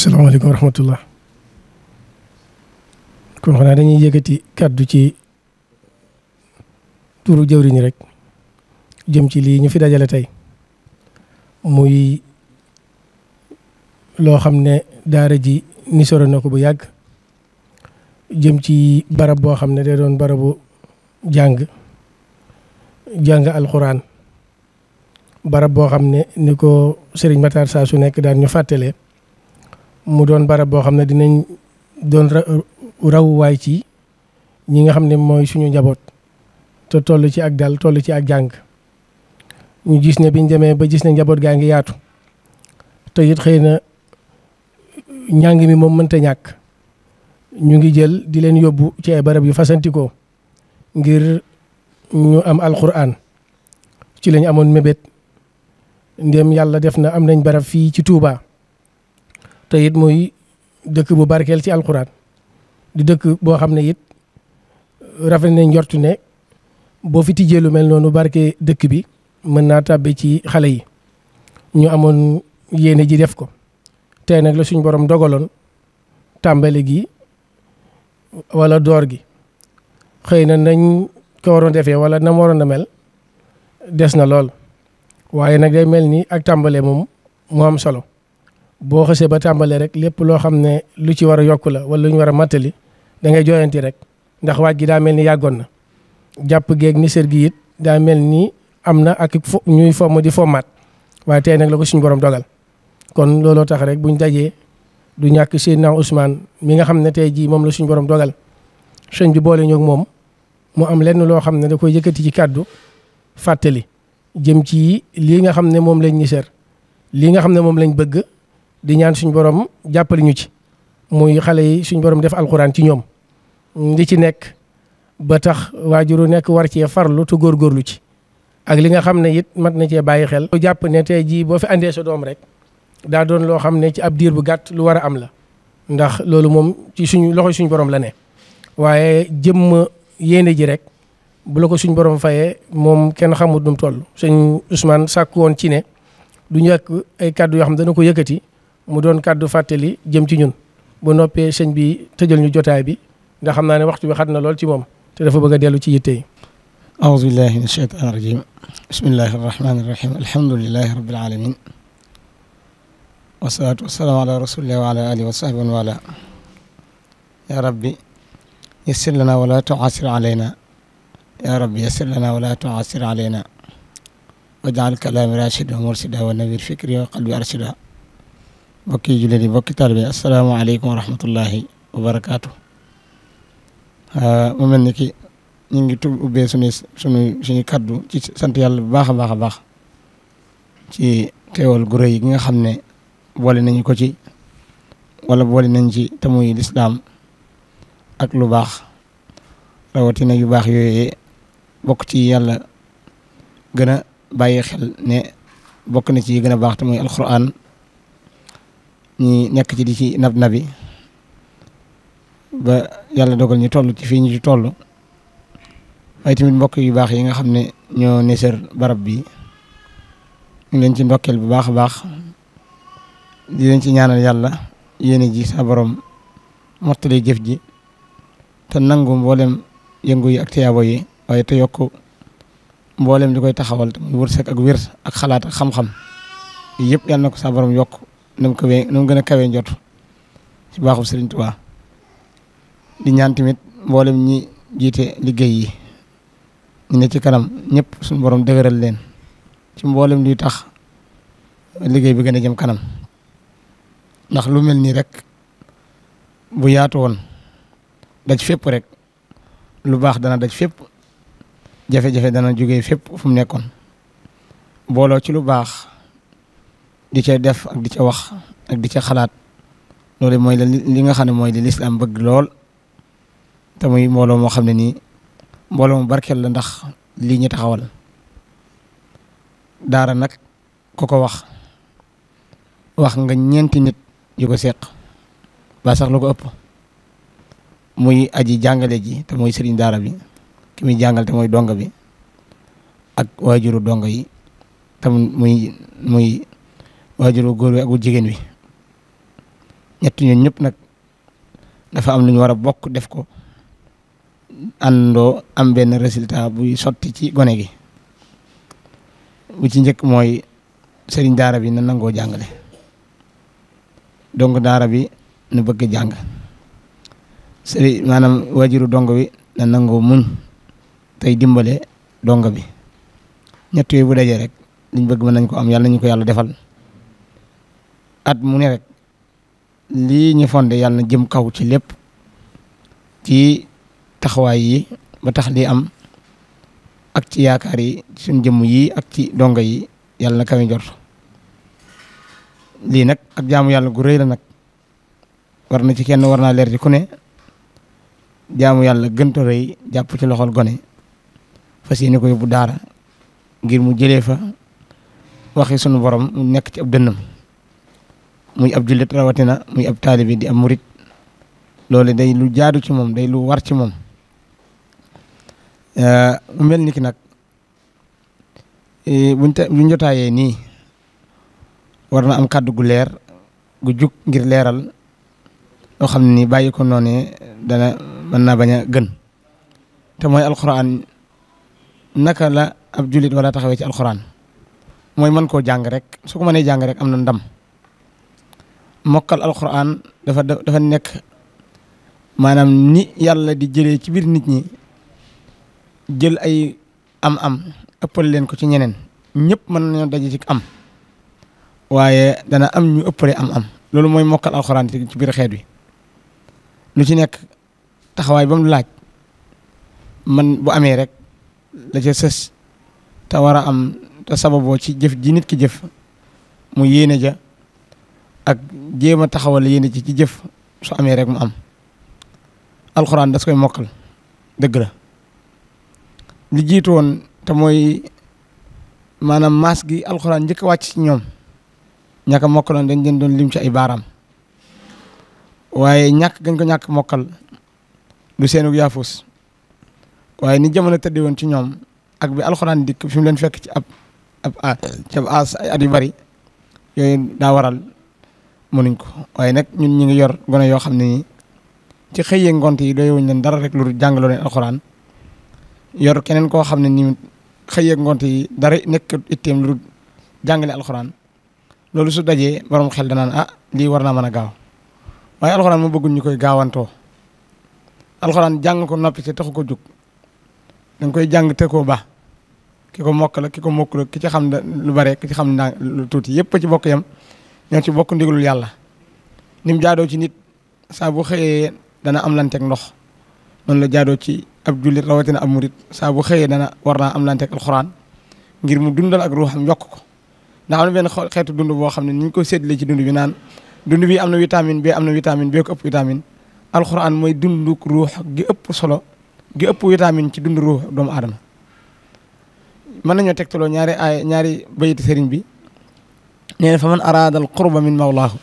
Assalamualaikum warahmatullah. rahmatullah kon xanaa dañuy yëkkati kaddu ci turu ni rek jëm ci li ñu fi dajalé tay muy lo xamné daara ji ni soro nako bu yagg jëm ci barab bo xamné da doon barabu jang jang alquran barab bo xamné niko Serigne Matar sa su nek daan ñu fatélé mu doon barab boo xam ne dinañ doon rawuwaay ci ñi nga xam ne mooy suñu njaboot te toll ci ak dal toll ci ak jàng ñu gis ne biñ demee ba gis ne njaboot gaa ngi yaatu te it xëy na njàng mi moom mënta ñàkk ñu ngi jël di leen yóbbu ci ay barab yu fasantikoo ngir ñu am alquran ci lañ amoon mébét ndéem yàlla def na am nañ barab fii ci tuubaa te it muy dëkk bu barkeel ci alxuraan di dëkk boo xam ne it rafet nañ njortu ne boo fi tijjee lu mel noonu barke dëkk bi mën naa tàbbi ci xale yi ñu amoon yéene ji def ko tey nag la suñ borom dogaloon tàmbali gi wala door gi xëy na nañ ko waroon defee wala nam waroon a mel des na lool waaye nag day mel nii ak tàmbalee moom mu am solo boo xasee ba tàmbalee rek lépp loo xam ne lu ci war a yokk la wala lu war a mattali da ngay jooyanti rek ndax waaj gi daa mel ni yàggoon na jàpp geeg ni sër gi it daa mel nii am na ak fo ñuy fomm di fommaat waaye tey nag la ko suñu borom dogal kon looloo tax rek buñ dajee du ñàkk Seydina Ousmane mi nga xam ne tey jii moom la suñu borom dogal sëñ bi boole ñoog moom mu am lenn loo xam ne da koy yëkkati ci kàddu fàttali jëm ci lii nga xam ne moom lañ ñi lii nga xam ne moom lañ bëgg di ñaan suñu borom jàppale ñu ci muy xale yi suñ borom def alxuraan ci ñoom li ci nekk ba tax waajuru nekk war cee farlu te góorgóorlu ci ak li nga xam ne it mat na cee bàyyi xel. jàpp ne tey jii boo fi andee sa doom rek daa doon loo xam ne ci ab diir bu gàtt lu war a am la ndax loolu moom ci suñu loxo suñu borom la ne waaye jëmm yéene ji rek bu la ko suñu borom fayee moom kenn xamut nu mu suñ sëñ Ousmane woon ci ne du ñàkk ay kàddu yoo xam dana ko yëkkati. mu doon kàddu fàttali jëm ci ñun bu noppee sëñ bi tëjal ñu jotaay bi nga xam naa ne waxtu bi xat na lool ci moom te dafa bëgg a dellu ci yitte yi أعوذ بالله من الشيطان الرجيم بسم الله الرحمن الرحيم الحمد لله رب العالمين والصلاة والسلام على رسول الله وعلى آله وصحبه وعلى يا ربي يسر لنا ولا تعسر علينا يا ربي يسر لنا ولا تعسر علينا واجعل كلام راشدا ومرشدا والنبي الفكري وقلبي أرشدا bokki jullit yi bokki taalibe asalaamaaleykum wa rahmatullahi wa barakaatu ah, mu mel ni ki ñu ngi tub ubbee suñu suñu suñu kaddu ci sant yàlla bu baax a baax a baax ci teewal gu rëy gi nga xam ne boole nañ ko ci wala boole nañ ci te muy lislaam ak lu baax rawatina yu baax yooyee bokk ci yàlla gën a bàyyi xel ne na ci gën a baax te muy alquran ñi nekk ci di ci nab nabi ba yàlla dogal ñu toll ci fii ñu ci toll waaye tamit mbokk yu baax yi nga xam ne ñoo ne barab bi ñu leen ci ndokkeel bu baax a baax di leen ci ñaanal yàlla yéene ji sa borom jëf ji te nangu mboolem yëngu yi ak tiyaabo yi waaye te yokk mboolem di koy taxawal muy wërsëg ak wér ak xalaat ak xam-xam yëpp yàlla na ko sa borom yokk nu mu kawee gën a kawee njot ci baaxub Sëriñ Tuubaa di ñaan tamit mboolem ñi jiite liggéey yi ñu ne ci kanam ñëpp suñ boroom dëgëral leen ci mboolem luy tax liggéey bi gën a jëm kanam ndax lu mel nii rek bu yaatu woon daj fépp rek lu baax dana daj fépp jafe-jafe dana jógee fépp fu mu nekkoon booloo ci lu baax. di ci def ak di ci wax ak di ci xalaat loolu mooy la li nga xam ne mooy li lislaam bëgg lool te muy mbooloo moo xam ne nii mbooloo mu barkeel la ndax lii ñu taxawal daara nag ku ko wax wax nga ñeenti nit yu ko seq ba sax lu ko ëpp muy aji jàngale ji te muy sëriñ daara bi ki muy jàngal te mooy donga bi ak waajuru donga yi te muy muy waajur wu góor wi ak wu jigéen wi ñett ñu ñëpp nag dafa am lu ñu war a bokk def ko àndoo am benn résultat buy sotti ci gone gi bu ci njëkk mooy sëriñ daara bi na nangoo jàngale dong daara bi nu bëgg jàng sëriñ maanaam waajuru dong bi na nangoo muñ tey dimbale dong bi ñett yooyu bu dajee rek liñ bëgg mën nañ ko am yàlla nañu ko yàlla defal at mu ne rek lii ñu fonde yàlla na jëm kaw ci lépp ci taxawaay yi ba tax li am ak ci yaakaar yi suñ jëmm yi ak ci dongo yi yàlla na kawe njort lii nag ak jaamu yàlla gu rëy la nag war na ci kenn war naa leer ci ku ne jaamu yàlla gënta rëy jàpp ci loxol gone fas yéene ko yóbbu daara ngir mu jëlee fa waxi sunu borom mu nekk ci ab dënnam muy ab julit rawatina muy ab talibi di am murit lolé day lu jaadu ci mom day lu war ci moom eh, mu mel ni ki nak e eh, buñ jotaayee ni warna am kaddu gu leer gu juk ngir leral lo xamni bayiko noné dana man na baña gën té moy alquran naka la ab julit wala taxawé ci alquran moy Man Ko jang rek su ko mënee rek am ndam. mokkal alxuraan dafa dafa nekk maanaam ni yàlla di jëlee ci biir nit ñi jël ay am-am ëppal leen ko ci ñeneen ñëpp mën nañoo daje ci am waaye dana am ñu ëppale am-am loolu mooy mokkal alxuraan ci biir xeet wi lu ci nekk taxawaay ba mu laaj man bu amee rek la ca sës te war a am te sababoo ci jëf ji nit ki jëf mu yéene ja. ak jema a taxawal yene ci ci jëf su amé rek mu am alcorane das koy mokal deug la li jitu won ta moy manam mas gi alcorane njëkk wacc ci ñom ñaka a dañ leen lim ci ay baram waye ñak gën ko ñak mokal du senu yafus waye ni jamono teddi won ci ñom ak bi alcorane dik fimu len fekk ci ab ab ci ab as ay at yu bari yoy da waral mënuñ ko waaye nag ñun ñu ngi yor gone yoo xam ne nii ci xëyee ngont yi doyewuñ leen dara rek lu jàngaloo leen alxuraan yor keneen koo xam ne nii xëyee yi dara nekk itteem lu jàngale alxuraan loolu su dajee borom xel danaan a ah, lii war naa mën a gaaw waaye alxuraan mu bëggul ñu koy gaawantoo alxuraan jàng ko noppi te taxu ko jóg danga koy jàng te ba ki ko mokk la ki ko mokk ki ci xam lu bare ki ci xam lu tuuti yëpp ci bokk yam ñoo ci bokk ndigalul yàlla ni mu jaadoo ci nit saa xëyee dana am lanteeg ndox noonu la jaadoo ci ab jullit rawatina ab murit saa bu xëyee dana war naa am lanteeg alxuraan ngir mu dundal ak ruuxam yokk ko ndax am na benn xeetu dund boo xam ne ni ñu ko séddale ci dund bi naan dund bi am na vitamine bee am na vitamine bee ko ëpp vitamine alxuraan mooy dundu ruux gi ëpp solo gi ëpp vitamine ci dund ruux doomu aadama mën nañoo tegtaloo ñaari ay ñaari bayiti sëriñ bi nee na fa man araada al qurba min mawlaahu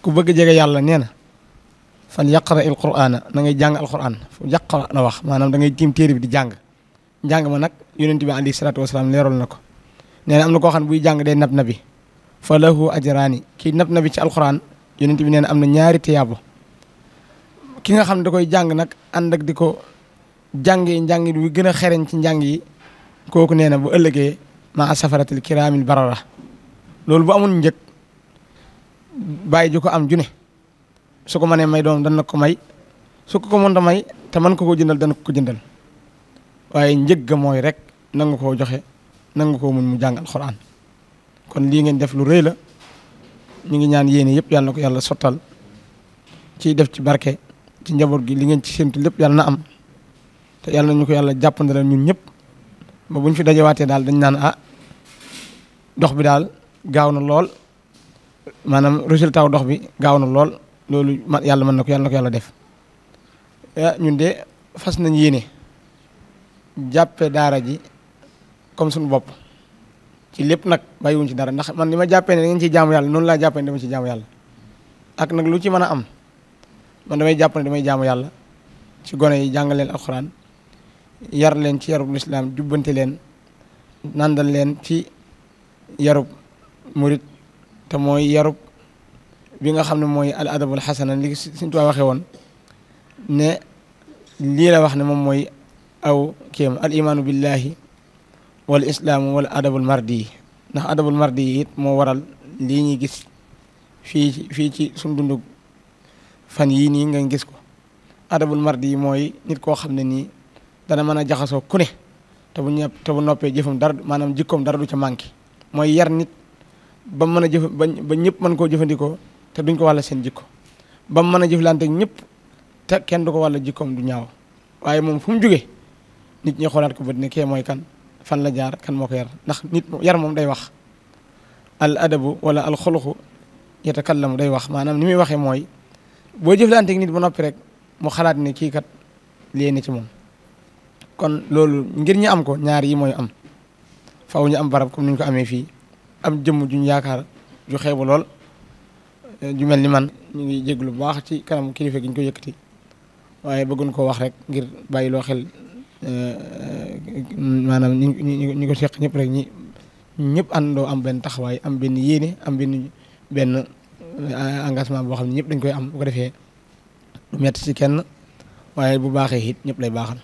ku bëgg jege yàlla nee na fan yaqra il qur'aana na ngay jàng alqur'aan fu yaqra wax maanaam da tiim téere bi di jàng njàng ma nag yonent bi alayhi salaatu wasalaam na ko nee am na koo xam ne buy jàng day nab nabi fa lahu ajraani kii nab nabi ci alqur'aan yonent bi nee am na ñaari tiyaabo ki nga xam ne da koy jàng nag ànd di ko jàngee njàng bi gën a xereñ ci njàng yi kooku nee na bu ëllëgee maa safaratil kiraamil barara lol bu amul ñeek bàyyi ju am june su ko mënee may doom dan ko may su ko ko mënta may té man ko ko jëndal dana ko jëndal waye ñeek ga moy rek nang ko joxé nang ko mu jang kon li ngeen def lu reey la ñi ngi ñaan yene yépp yalla ko yalla sotal ci def ci barké ci njaboot gi li ngeen ci sentu lepp yalla na am té yalla ñu ko yàlla jàppandalal ñun ñëpp ba buñ fi dajewaatee dal dañ nan ah dox bi dal gaaw na lool maanaam résultat wu dox bi gaaw na lool loolu ma yàlla mën na ko yàlla yàlla def eh, ñun de fas nañ yéene jàppe daara ji comme suñu bopp ci lépp nag bàyyiwuñ ci dara ndax man ni ma jàppee ne da ngeen ciy jaamu yàlla noonu laa jàppee ne dama ci jaamu yàlla ak nag lu ci mën a am man damay jàpp ne damay jaamu yàlla ci gone yi jàngaleen leen alxuraan yar leen ci yarub lislaam jubbante leen nandal leen ci yarub murit te mooy yarub bi nga xam ne mooy al adabul xasana li Sëriñ Tuubaa waxee woon ne lii la wax ne moom mooy aw kéem al imaanu billahi wal islaamu wal adabul mardi ndax adabul mardi yi it moo waral lii ñuy gis fii fii ci suñ fan yii nii nga gis ko adabul mardi yi mooy nit koo xam ne nii dana mën a jaxasoo ku te bu ñëpp te bu noppee jëfam dara maanaam jikkoom dara du ca manqué mooy yar nit ba mu mën a jëf ba ñëpp mën koo jëfandikoo te duñ ko wàll seen jikko ba mu mën a jëflante ñëpp te kenn du ko wàll jikkoom du ñaaw waaye moom fu mu jugee nit ñi xoolaat ko bët ne kee mooy kan fan la jaar kan moo ko yar ndax nit yar moom day wax al adabu wala al xuluqu yatakallamu day wax maanaam ni muy waxee mooy boo jëflanteeg nit ba noppi rek mu xalaat ne kii kat lee ne ci moom kon loolu ngir ñu am ko ñaari yi mooy am faaw ñu am barab comme ni ñu ko amee fii am jëmm juñ yaakaar ju xeebu lool ju mel ni man ñu ngi jéglu bu baax ci kanam kilifa gi ñu ko yëkkati waaye bëgguñ ko wax rek ngir bàyyi loo xel eh, maanaam ñu ñi ñu ko seq ñëpp rek ñi ñëpp àndoo am benn taxawaay am benn yéene am benn benn eh, engagement boo xam ne ñëpp dañ koy am bu ko defee du metti ci kenn waaye bu baaxee it ñëpp lay baaxal